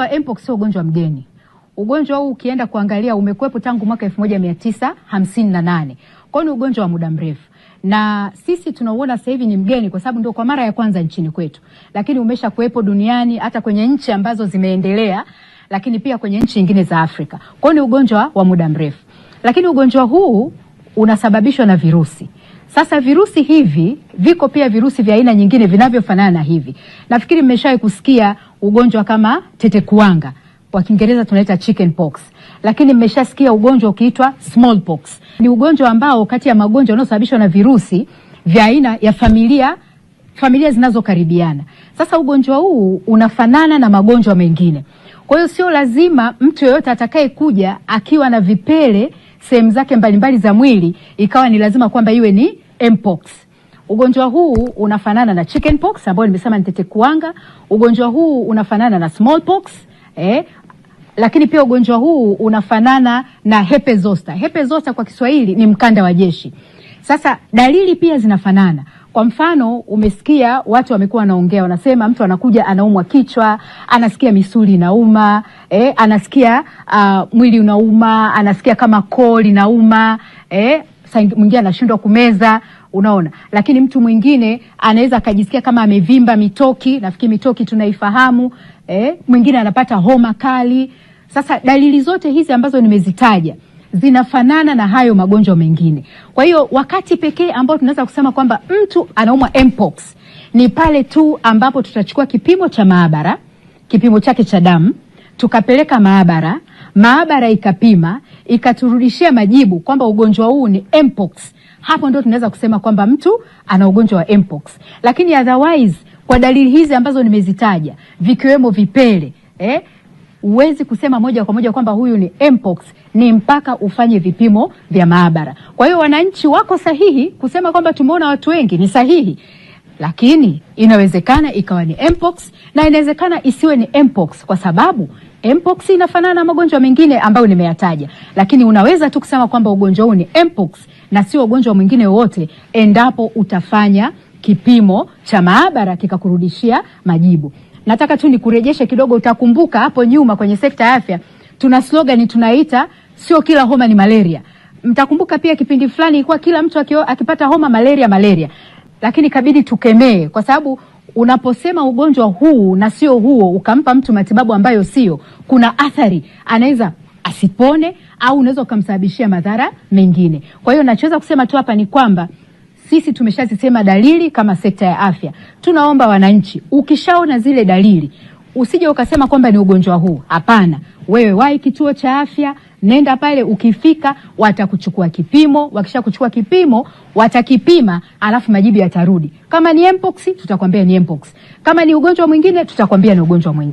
wa mpox sio ugonjwa mgeni. Ugonjwa huu ukienda kuangalia umekuwepo tangu mwaka 1958. Kwa hiyo ni ugonjwa wa muda mrefu na sisi tunauona sasa hivi ni mgeni kwa sababu ndio kwa mara ya kwanza nchini kwetu, lakini umesha kuwepo duniani hata kwenye nchi ambazo zimeendelea, lakini pia kwenye nchi nyingine za Afrika. Kwa hiyo ni ugonjwa wa muda mrefu, lakini ugonjwa huu unasababishwa na virusi. Sasa virusi hivi viko pia virusi vya aina nyingine vinavyofanana na hivi. Nafikiri mmeshawahi kusikia ugonjwa kama tetekuanga kwa Kiingereza tunaita chicken pox, lakini mmeshasikia ugonjwa ukiitwa pox. Ni ugonjwa ambao kati ya magonjwa yanayosababishwa na virusi vya aina ya familia familia zinazokaribiana. Sasa ugonjwa huu unafanana na magonjwa mengine, kwa hiyo sio lazima mtu yeyote atakaye kuja akiwa na vipele sehemu zake mbalimbali za mwili ikawa ni lazima kwamba iwe ni mpox. Ugonjwa huu unafanana na chickenpox ambayo nimesema ni tetekuanga. Ugonjwa huu unafanana na smallpox eh, lakini pia ugonjwa huu unafanana na herpes zoster. Herpes zoster kwa Kiswahili ni mkanda wa jeshi. Sasa dalili pia zinafanana. Kwa mfano, umesikia watu wamekuwa wanaongea, wanasema mtu anakuja anaumwa kichwa, anasikia misuli inauma eh, anasikia uh, mwili unauma, anasikia kama koo linauma eh, mwingine anashindwa kumeza unaona. Lakini mtu mwingine anaweza akajisikia kama amevimba mitoki, nafikiri mitoki tunaifahamu eh. Mwingine anapata homa kali. Sasa dalili zote hizi ambazo nimezitaja zinafanana na hayo magonjwa mengine. Kwa hiyo wakati pekee ambao tunaweza kusema kwamba mtu anaumwa mpox ni pale tu ambapo tutachukua kipimo cha maabara, kipimo chake cha damu tukapeleka maabara, maabara ikapima ikaturudishia majibu kwamba ugonjwa huu ni mpox, hapo ndio tunaweza kusema kwamba mtu ana ugonjwa wa mpox. Lakini otherwise kwa dalili hizi ambazo nimezitaja vikiwemo vipele eh, huwezi kusema moja kwa moja kwamba huyu ni mpox, ni mpaka ufanye vipimo vya maabara. Kwa hiyo wananchi wako sahihi kusema kwamba tumeona watu wengi, ni sahihi, lakini inawezekana ikawa ni mpox na inawezekana isiwe ni mpox kwa sababu Mpox inafanana na magonjwa mengine ambayo nimeyataja, lakini unaweza tu kusema kwamba ugonjwa huu ni Mpox na sio ugonjwa mwingine wowote, endapo utafanya kipimo cha maabara kikakurudishia majibu. Nataka tu nikurejeshe kidogo, utakumbuka hapo nyuma kwenye sekta ya afya tuna slogan tunaita sio kila homa ni malaria. Mtakumbuka pia kipindi fulani ilikuwa kila mtu akipata homa malaria malaria, lakini kabidi tukemee kwa sababu unaposema ugonjwa huu na sio huo, ukampa mtu matibabu ambayo sio, kuna athari anaweza asipone au unaweza ukamsababishia madhara mengine. Kwa hiyo nachoweza kusema tu hapa ni kwamba sisi tumeshazisema dalili kama sekta ya afya, tunaomba wananchi, ukishaona zile dalili usije ukasema kwamba ni ugonjwa huu. Hapana, wewe wahi kituo cha afya, nenda pale. Ukifika watakuchukua kipimo, wakisha kuchukua kipimo watakipima, alafu majibu yatarudi. Kama ni mpox, tutakwambia ni mpox. Kama ni ugonjwa mwingine, tutakwambia ni ugonjwa mwingine.